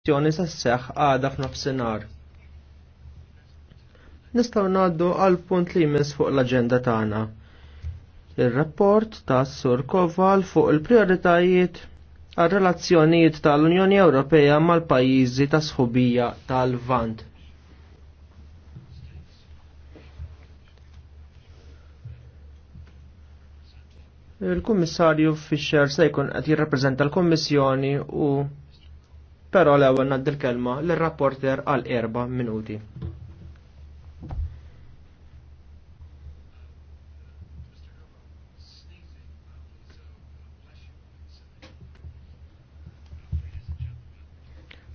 kwestjoni sa seħ għada f'nofsinhar. Nistgħu ngħaddu għal punt li jmiss fuq l-aġenda tagħna. Ir-rapport ta' Sur Koval fuq il-prioritajiet għal relazzjonijiet tal-Unjoni Ewropea mal-pajjiżi ta' sħubija tal-Vant. Il-Kummissarju Fischer se jkun qed jirrappreżenta l-Kummissjoni u Pero l-ewwel naddil kelma lir-rapporter għal erba' minuti.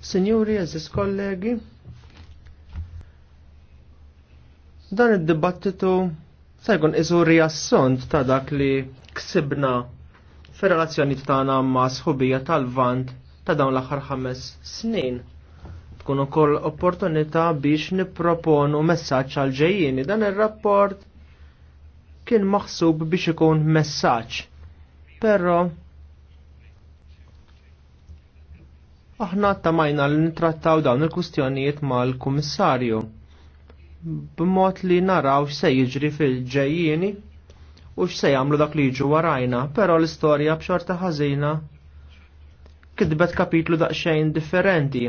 Signori, eżis kollegi, dan id-dibattitu se jkun iżu riassont ta' dak li ksibna fil relazzjoni tagħna ma' sħubija tal-vant ta' dawn l-aħħar ħames snin tkun ukoll opportunità biex nipproponu messaġġ għal ġejjieni. Dan ir-rapport kien maħsub biex ikun messaġġ. Però aħna tamajna li nitrattaw dawn il-kustjonijiet mal-Kummissarju b'mod li naraw x'se jiġri fil-ġejjieni u x'se jagħmlu dak li jiġu warajna, però l-istorja b'xorta ħażina kidbet kapitlu daqsxejn differenti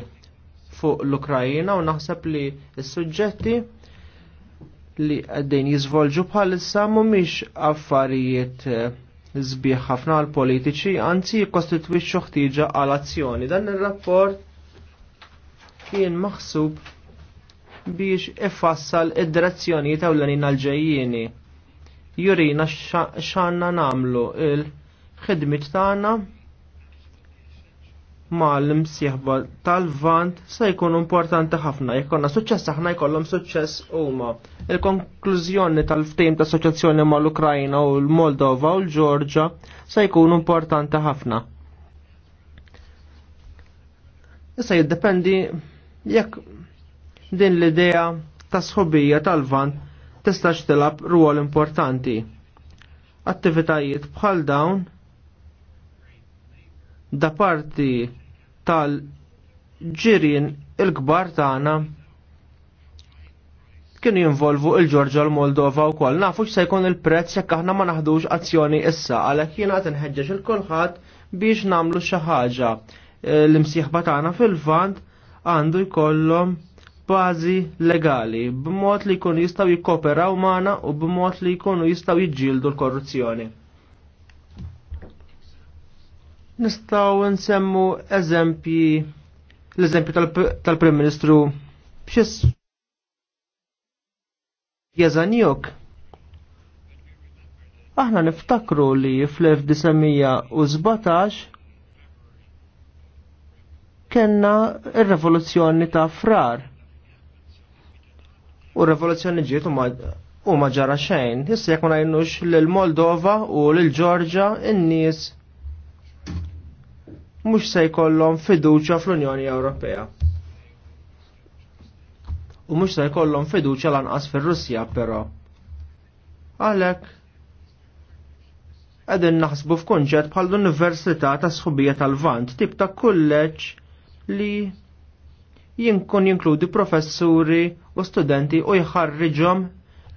fuq l-Ukrajina u naħseb li s-suġġetti li għaddejn jizvolġu bħalissa mumiex affarijiet eh, zbieħ ħafna għal politiċi, anzi jikostitwixxu ħtieġa għal azzjoni. Dan ir-rapport kien maħsub biex ifassal id-direzzjoni ta' l-għanin għal-ġejjini. Jurina xanna namlu il-ħidmit tagħna mal-imsieħba tal-vant se jkun importanti ħafna. Jekonna suċċess aħna jkollhom suċċess huma. Il-konklużjoni tal ftim ta' assoċjazzjoni mal-Ukrajna u l-Moldova u l-Ġorġa se jkun importanti ħafna. Issa jiddependi jekk din l-idea ta' sħobija tal-vant tista' tilab ruol importanti. Attivitajiet bħal dawn da parti tal-ġirien il-kbar tagħna kienu jinvolvu il-Ġorġa l-Moldova u koll. Nafu se jkun il-prezz jekk aħna ma naħdux azzjoni issa, għalhekk jiena qed inħeġġeġ il-kulħadd biex nagħmlu xi ħaġa. E, l-imsieħba tagħna fil-vant għandu jkollhom bażi legali b'mod li jkunu jistgħu jikkoperaw magħna u b'mod li jkunu jistgħu jiġġieldu l-korruzzjoni. Nistaw nsemmu eżempji l-eżempju tal-Prim Ministru b'xis jeżanjok. Aħna niftakru li fl-1917 kena il revoluzzjoni ta' frar. U r-revoluzzjoni ġiet u ma ġara xejn. Issa jekk ma l lil Moldova u lil Ġorġa in-nies mhux se jkollhom fiduċja fl-Unjoni Ewropea. U mhux se jkollhom fiduċja lanqas fir-Russja però. Għalhekk qegħdin naħsbu f'kunċett bħal l-Università ta' Sħubija tal-Vant tip ta' kulleġġ li jinkun jinkludi professuri u studenti u jħarriġhom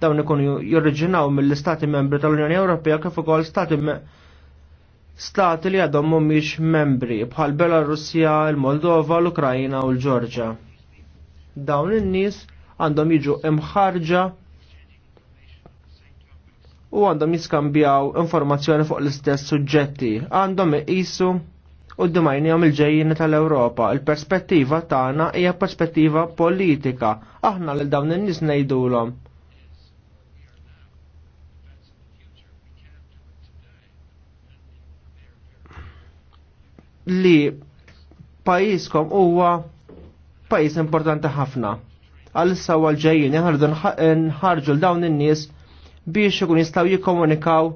dawn ikun jorriġinaw mill-Istati Membri tal-Unjoni Ewropea kif ukoll Stati stati li għadhom mhumiex membri bħal Belarusja, il-Moldova, l-Ukrajina u l-Ġorġa. Dawn in-nies għandhom jiġu imħarġa u għandhom jiskambjaw informazzjoni fuq l-istess suġġetti, għandhom iqisu u d-dimajnijom il-ġejjini tal-Europa. Il-perspettiva tagħna hija perspettiva politika. Aħna l dawn in-nies ngħidulhom. li pajjiżkom huwa pajjiż importanti ħafna. Għal sawa l-ġejjin ħarġu nħarġu l-dawn in-nies biex ikun jistgħu jikkomunikaw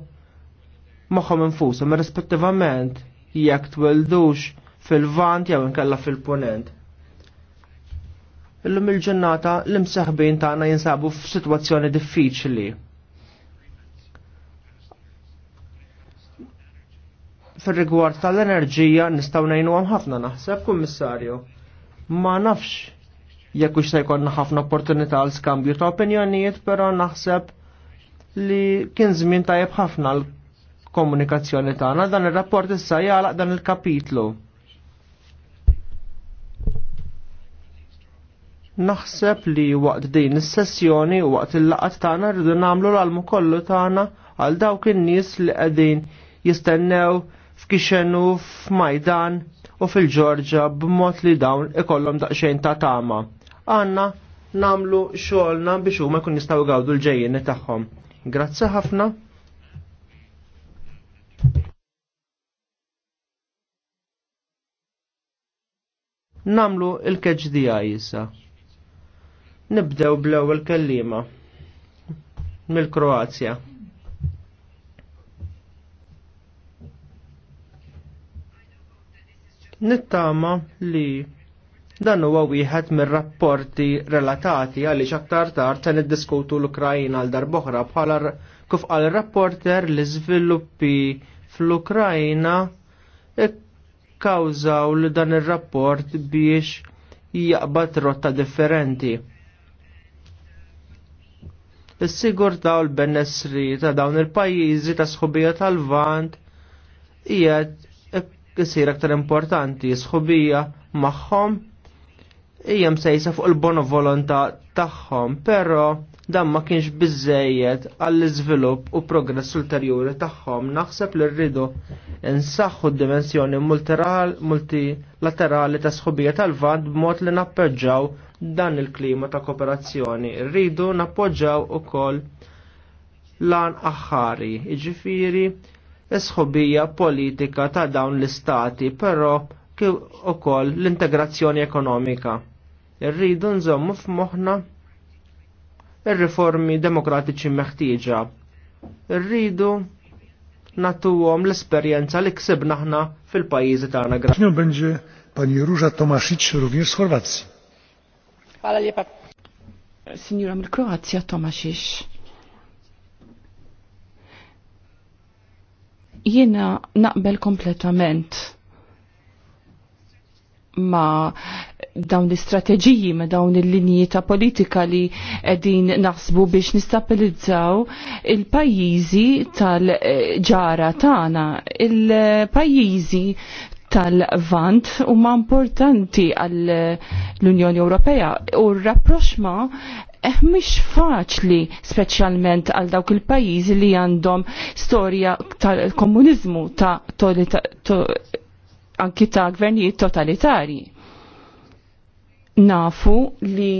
magħhom infushom rispettivament jekk twildux fil-vant jew inkella fil-ponent. Illum il-ġennata l-imseħbin tagħna jinsabu f'sitwazzjoni diffiċli fil-rigward tal-enerġija nistaw għam ħafna naħseb, kummissarju. Ma nafx jekk se jkollna ħafna opportunità għal skambju ta' opinjonijiet, però naħseb li kien żmien tajjeb ħafna l-komunikazzjoni tagħna dan ir-rapport issa jagħlaq dan il-kapitlu. Naħseb li waqt din is-sessjoni u waqt il-laqat tagħna rridu nagħmlu l-almu kollu tagħna għal dawk in-nies li qegħdin jistennew f'Kixenu, f'Majdan u fil-Ġorġa b'mod li dawn ikollhom daqsxejn ta' tama. Għanna namlu xogħolna biex huma jkun jistgħu gawdu l-ġejjeni tagħhom. Grazzi ħafna. namlu il-keġ jissa. Nibdew blew il-kellima mill-Kroazja. Nittama li dan huwa wieħed mir-rapporti relatati għaliex aktar tard se niddiskutu l-Ukrajina għal darb'oħra bħala kif qal rapporter li żviluppi fl ukrajina kkawżaw li dan ir-rapport biex jaqbad rotta differenti. is sigurta u l-benessri ta' dawn il-pajjiżi ta' sħubija tal-vant qiegħed kisir aktar importanti sħubija magħhom hija sejsa fuq il bono volontà tagħhom, però dan ma kienx bizzejiet għall iżvilupp u progress ulterjuri tagħhom. Naħseb li rridu nsaħħu d-dimensjoni multilaterali ta' sħubija tal-vant b'mod li nappoġġaw dan il-klima ta' kooperazzjoni. Rridu nappoġġaw ukoll lan aħħari, iġifieri l-sħubija politika ta' dawn l-istati, però kif ukoll l-integrazzjoni ekonomika. Irridu nżommu f'moħħna ir-riformi demokratiċi meħtieġa. Irridu natuhom l-esperjenza li ksibna aħna fil-pajjiżi tagħna. Nią będzie pani Róża Tomasic również z Chorwacji. Hvala lijepa. Signora Kroacja Tomasic. Jiena naqbel kompletament ma dawn l-istrateġiji, ma dawn il-linji ta' politika li edin naħsbu biex nistabilizzaw il-pajjiżi tal-ġara tagħna, il-pajjiżi tal-vant huma importanti għall unjoni Ewropea u r-rapproxma eh, mhix faċli speċjalment għal dawk il-pajjiżi li għandhom storja tal-komuniżmu ta' anki ta' gvernijiet totalitari. Nafu li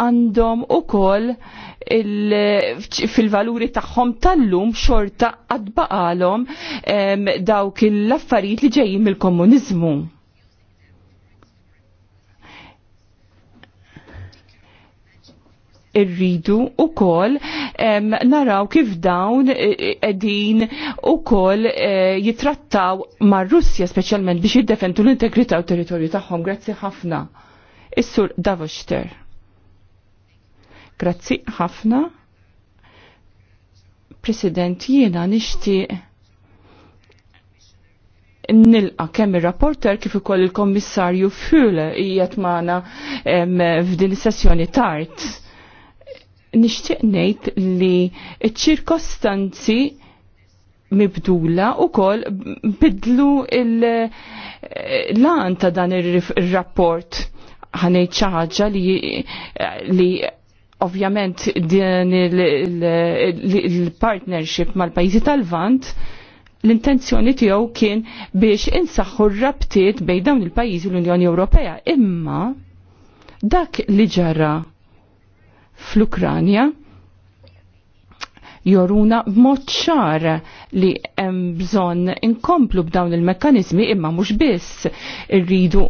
għandhom u koll fil-valuri tagħhom tal-lum xorta għadbaqalhom ehm, dawk il-affarijiet li ġejjin mill-komuniżmu irridu u kol naraw kif dawn e, e, edin u kol e, jitrattaw ma' Russja specialment biex jiddefendu l-integrità u territorju tagħhom. Grazzi ħafna. Is-sur Davoster. Grazzi ħafna. President, jiena nixti nilqa kemm ir-rapporter kif ukoll il-Kommissarju Füle qiegħed magħna f'din is-sessjoni tard nixtieq ngħid li ċirkostanzi mibdula u kol bidlu l-lan ta' dan il-rapport ħanej ċaħġa li, li ovvjament din il-partnership mal-pajzi tal-vant l-intenzjoni tiegħu kien biex insaħħu r-rabtiet bejn dawn il-pajjiżi l-Unjoni Ewropea. Imma dak li ġara fl-Ukranja joruna b'mod ċar li hemm bżonn inkomplu b'dawn il-mekkaniżmi imma mhux biss irridu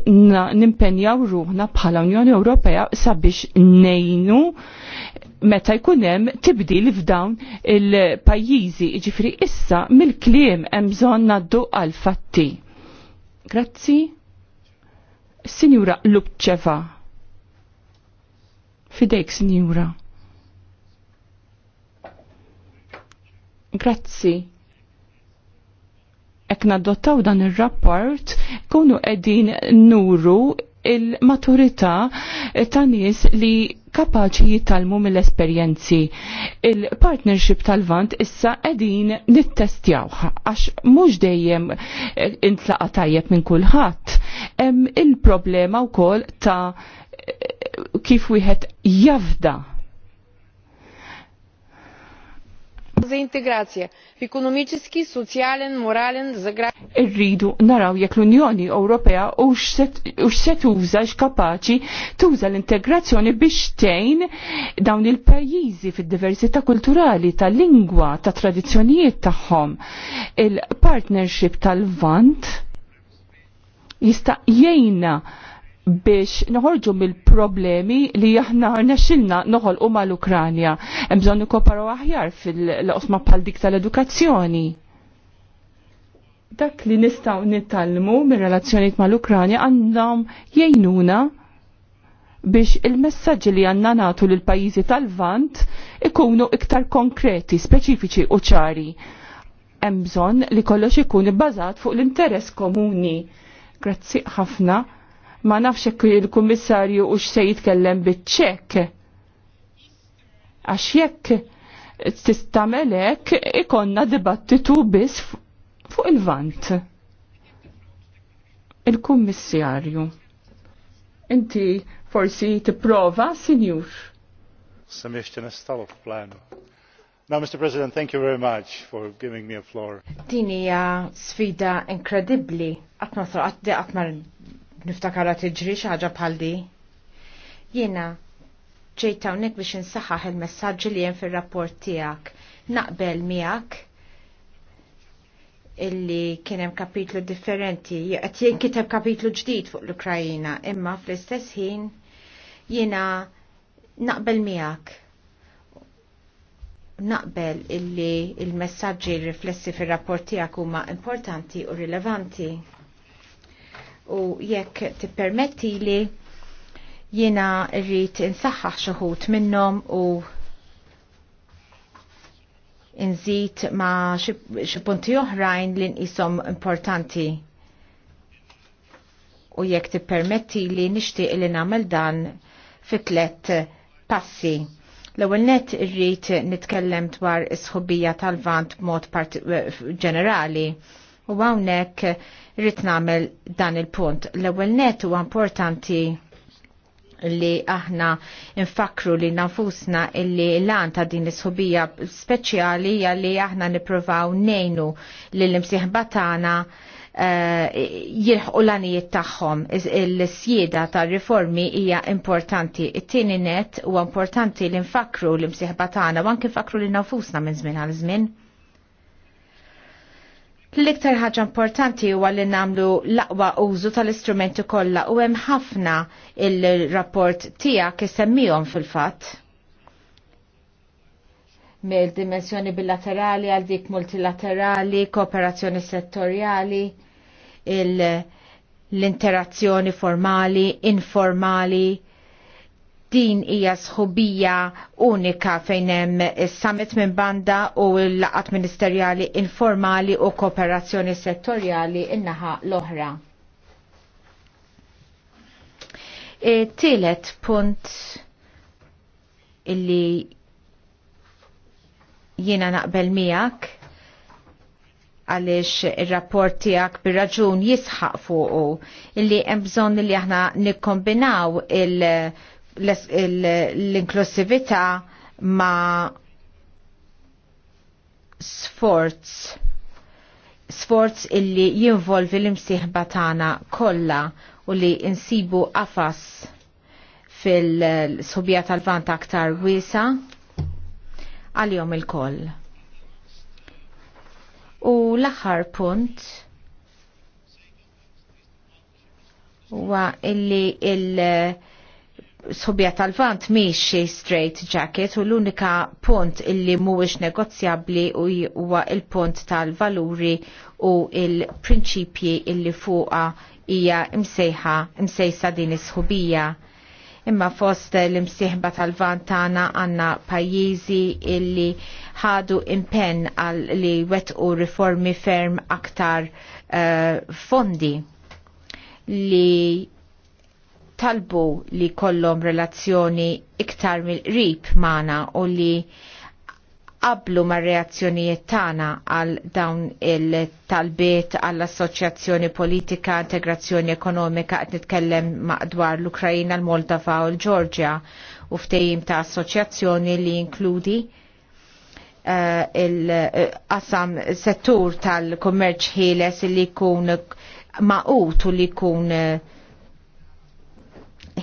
nimpenjaw ruħna bħala Unjoni Ewropea sabiex nejnu meta jkun hemm tibdil f'dawn il-pajjiżi, jiġifieri issa mill-kliem hemm bżonn naddu għal fatti. Grazzi. Sinjura Lubċeva. Fidejk, Sinjura. Grazzi. Ek naddottaw dan il-rapport, kunu edin nuru il-maturità ta' nies li kapaċi jitalmu mill-esperjenzi. Il-partnership tal-vant issa edin nittestjawħa, għax mux dejjem intlaqa tajjeb minn kulħadd. Hemm il-problema wkoll ta' kif wieħed jafda Za интеграция ekonomiċiski, економически, moralen, zagra. Irridu naraw jekk l-Unjoni Ewropea u se tuża x'kapaċi tuża l-integrazzjoni biex tgħin dawn il-pajjiżi fid-diversità kulturali tal-lingwa, ta' tradizzjonijiet tagħhom. Il-partnership tal-Vant jista' jgħinna biex noħorġu mill-problemi li jahna rnexilna noħol u mal-Ukranja. Mżon nikoparaw aħjar fil-osma pal dik tal-edukazzjoni. Dak li nistaw nittalmu mir-relazzjoniet mal-Ukranja għandhom jgħinuna biex il-messagġi li għanna natu l pajjiżi tal-vant ikunu iktar konkreti, speċifiċi u ċari. Hemm bżonn li kollox ikun ibbażat fuq l-interess komuni. Grazzi ħafna ma nafx il-kummissarju u x'se jitkellem bit ċek Għax jekk t-istamelek ikonna dibattitu biss fuq il-vant. Il-kummissarju. Inti forsi tipprova, sinjur. Samiex nistgħu planu Now, Mr. President, thank you very much for giving me a floor. Din hija sfida inkredibbli Atma ma qatt ma niftakara tiġri xaġa bħaldi. Jiena ġejta hawnhekk biex insaħħaħ il-messaġġi li hemm fir-rapport tiegħek. Naqbel miegħek illi kienem kapitlu differenti, qed kiteb kapitlu ġdid fuq l-Ukrajina, imma fl-istess ħin jiena naqbel miegħek. Naqbel illi il-messaġġi riflessi fir-rapport tiegħek huma importanti u rilevanti u jekk tippermetti li jiena rrit insaħħaħ xoħut minnom u nżid ma xi punti oħrajn li nqishom importanti. U jekk tippermetti li nixtieq li nagħmel dan fi tlet passi. L-ewwel net irrid nitkellem dwar is-sħubija tal-vant b'mod eh, ġenerali. U għawnek rrit namel dan il-punt. L-ewel net u importanti li aħna infakru li nafusna illi lan ta' din l-sħubija speċjali li aħna niprovaw nejnu li l-imsiħba tagħna eh, jilħqu l anijiet tagħhom il-sjeda ta' riformi hija importanti. It-tieni net u importanti li nfakru l-imsiħba tagħna u anke nfakru li nafusna minn żmien għal żmien L-iktar ħaġa importanti huwa li namlu l-aqwa użu tal-istrumenti kollha u hemm ħafna il-rapport tiegħek isemmihom fil-fatt. Mill-dimensjoni bilaterali għal dik multilaterali, kooperazzjoni settorjali, l-interazzjoni formali, informali, din hija sħubija unika fejn hemm is-summit minn banda u l-laqat ministerjali informali u kooperazzjoni settorjali in-naħa l-oħra. E, tielet punt illi jiena naqbel miegħek għalix il-rapport tijak bir-raġun jisħaq fuqu illi jembżon li aħna nikkombinaw il- l-inklusivita ma sforz sforz illi jinvolvi l-imsieħba tagħna kollha u li insibu afas fil subjat tal-vant aktar wiesa għal-jom il-koll. U l-aħħar punt huwa illi il- subjet tal-vant miexi straight jacket u l-unika punt illi mhuwiex negozjabbli huwa il-punt tal-valuri u il-prinċipji illi fuqa hija imsejħa imsejsa din is-sħubija. Imma fost l-imsieħba tal-vant tagħna għandna pajjiżi illi ħadu impenn għal li u riformi ferm aktar uh, fondi li talbu li kollom relazzjoni iktar mill-rib mana u li qablu ma' reazzjonijiet tagħna għal dawn il-talbiet għall assoċjazzjoni politika, integrazzjoni ekonomika qed nitkellem dwar l-Ukrajina, l-Moldova u l-Ġorġja u ftehim ta' assoċjazzjoni li jinkludi l eh, il-qasam settur tal-kummerċ ħieles li jkun maqut u li jkun uh,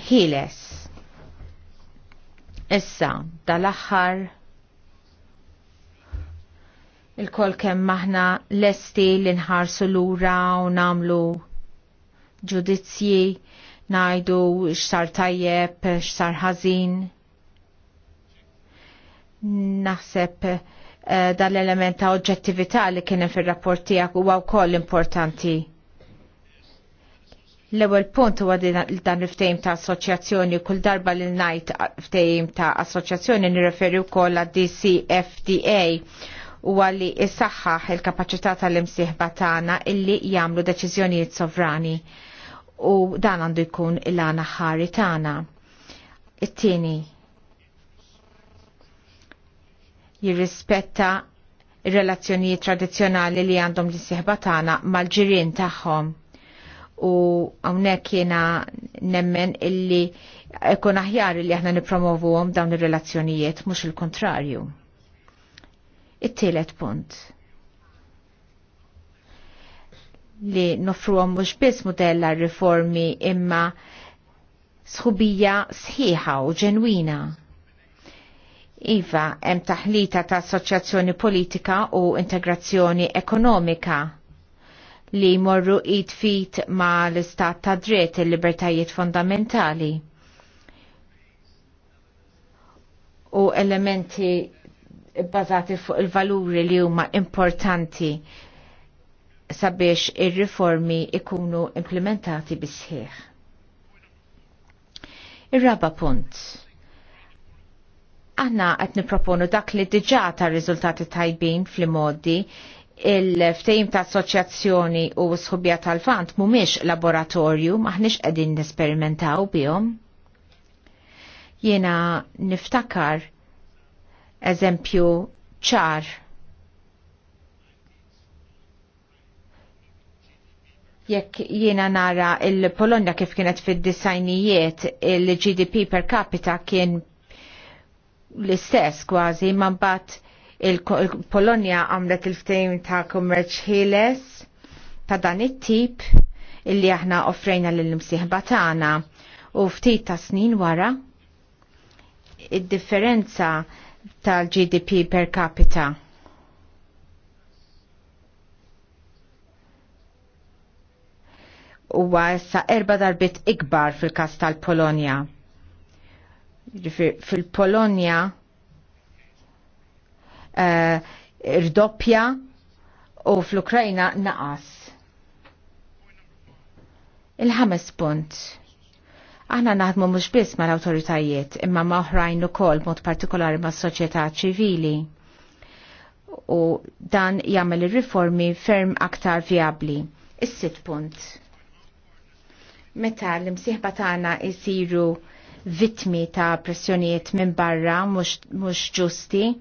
ħiles. Issa, dal-axħar il-kol kem maħna lesti li nħarsu lura u namlu ġudizzji, najdu x'sar tajjeb, x'sar ħażin. Naħseb eh, dal elementa oġġettivita oġġettività li kien fir-rapport tiegħek huwa wkoll importanti L-ewwel punt huwa dan il-ftehim ta' assoċjazzjoni kull darba li ngħid ftehim ta' assoċjazzjoni nirreferi wkoll għad DCFTA u għalli issaħħaħ il-kapacità tal-imsieħba tagħna illi jagħmlu deċiżjonijiet sovrani u dan għandu jkun il-għana ħari tagħna. It-tieni jirrispetta ir-relazzjonijiet tradizzjonali li għandhom l-sieħba tagħna mal-ġirien tagħhom u għawnek jena nemmen illi ekon aħjar illi aħna nipromovu għom dawn il-relazzjonijiet, mux il-kontrarju. It-tielet punt li nofru għom mux bis modella riformi imma sħubija sħiħa u ġenwina. Iva, hemm taħlita ta' assoċjazzjoni politika u integrazzjoni ekonomika li jmorru id-fit ma l-istat ta' dritt il-libertajiet fondamentali u elementi bbażati fuq il-valuri li huma importanti sabiex ir-riformi ikunu implementati bisħiħ. Ir-raba punt. Aħna qed niproponu dak li diġà ta' riżultati tajbin fl-modi il-ftejim ta' assoċjazzjoni u sħubja tal-fant mumiex laboratorju maħniex qegħdin nesperimentaw bihom. Jiena niftakar eżempju ċar jekk jiena nara il-Polonja kif kienet fid-disajnijiet il-GDP per capita kien l-istess kważi ma mbagħad il-Polonja għamlet il-ftejm ta' kummerċ ħiles ta' dan it-tip illi aħna offrejna lill-imsieħba tagħna u ftit ta' snin wara id-differenza tal-GDP per capita huwa issa erba darbit ikbar fil-kas tal-Polonja. Fil-Polonja irdoppja eh, u fl-Ukrajna naqas. Il-ħames punt. Aħna naħdmu mhux biss mal-awtoritajiet imma ma' oħrajn ukoll mod partikolari mas-soċjetà ċivili u dan jagħmel ir-riformi ferm aktar vjabbli. Is-sitt punt. Meta l-imsieħba tagħna jsiru vittmi ta' pressjonijiet minn barra mhux ġusti,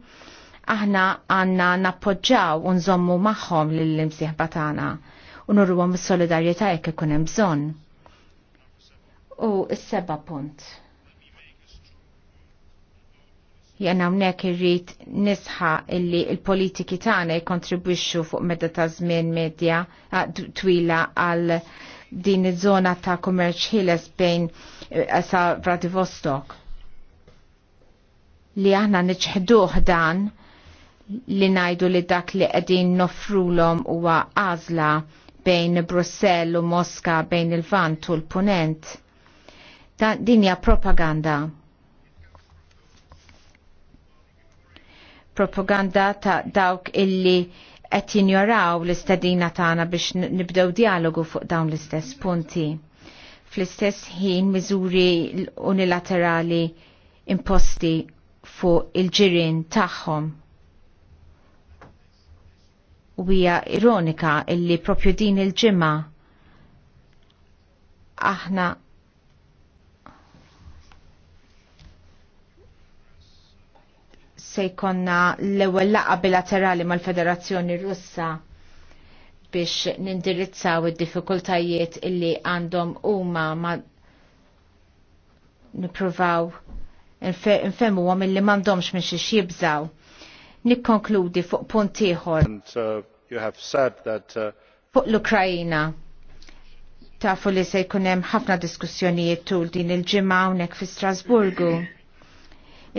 aħna għanna nappoġġaw unżommu maħħom l-imsieħba tagħna u nurruhom is-solidarjetà jekk ikun hemm bżonn. U s-seba punt. Jien hawnhekk irrid nisħa illi l-politiki tagħna jkontribwixxu fuq medda ta' żmien medja twila għal din iż-żona ta' kummerċ ħieles bejn eh, sa' Vladivostok li aħna niċħduh dan li najdu li dak li qegħdin nofrulom huwa għażla bejn Brussell u Moska bejn il-Vant u l-Punent. Dinja hija propaganda. Propaganda ta' dawk illi qed jinjoraw l-istadina tagħna biex nibdew dialogu fuq dawn l-istess punti. Fl-istess ħin miżuri unilaterali imposti fuq il-ġirien tagħhom u hija ironika illi propju din il-ġimma aħna se l-ewwel laqa bilaterali mal-Federazzjoni Russa biex nindirizzaw id-diffikultajiet illi għandhom huma ma nippruvaw infemmu għom illi mandomx minn xiex jibżaw nikkonkludi fuq punt ieħor. Uh, uh, fuq l-Ukrajina tafu li se jkun hemm ħafna diskussjonijiet tul din il-ġimgħa hawnhekk fi Strasburgu.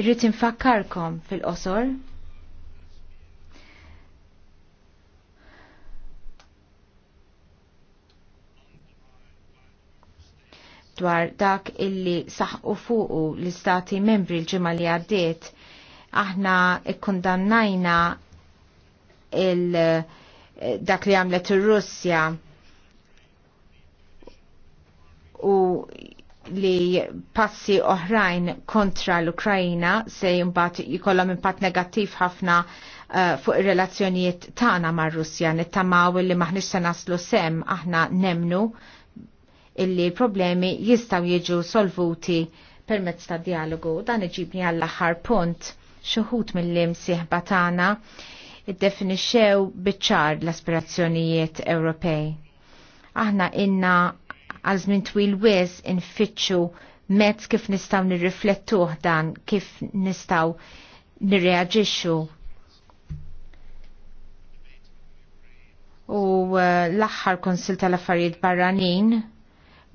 Irrid infakkarkom fil-qosor. dwar dak illi saħqu fuqu l-istati membri l-ġimgħa li għaddiet Aħna ikkundannajna il dak li għamlet ir-Russja u li passi oħrajn kontra l-Ukrajina se jimbat jikollhom impatt negattiv ħafna uh, fuq ir-relazzjonijiet tagħna mar-Russja nittamaw li maħniex se naslu sem aħna nemnu illi problemi jistaw jiġu solvuti permezz ta' dialogu dan iġibni għall-aħħar punt xuħut mill-imsieħ batana iddefinixxew biċċar l-aspirazzjonijiet Ewropej. Aħna inna għal żmien twil wis infittxu mezz kif nistgħu nirriflettuh dan kif nistgħu nirreaġixxu u uh, l aħħar konsil tal-affarijiet barranin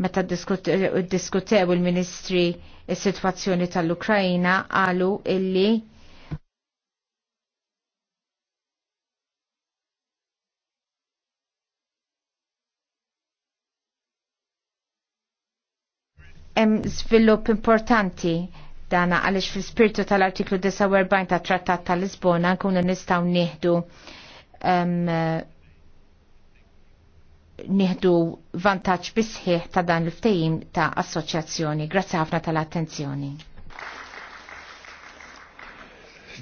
meta uh, diskutew il-ministri il-situazzjoni tal ukrajina għalu illi hemm żvilupp importanti dana għaliex fil-spirtu tal-artiklu 49 ta' Trattat tal-Lisbona nkunu nistgħu nieħdu nieħdu vantaġġ bisħiħ ta' dan l-ftehim ta' assoċjazzjoni. Grazzi ħafna tal-attenzjoni.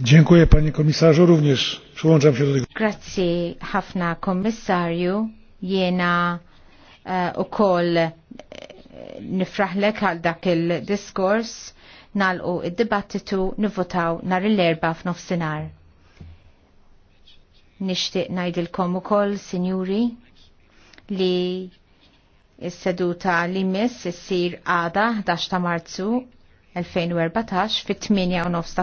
Dziękuję panie komisarzu również. Przyłączam się do tego. Grazie ħafna komisarju. Jena uh, e, u nifraħlek għal dak il-diskors nalqu id-dibattitu nivvotaw nar l-erba Nishtiq Nixtieq ngħidilkom ukoll, sinjuri, li s seduta li miss issir għada 11 ta' Marzu 2014 fit-8 u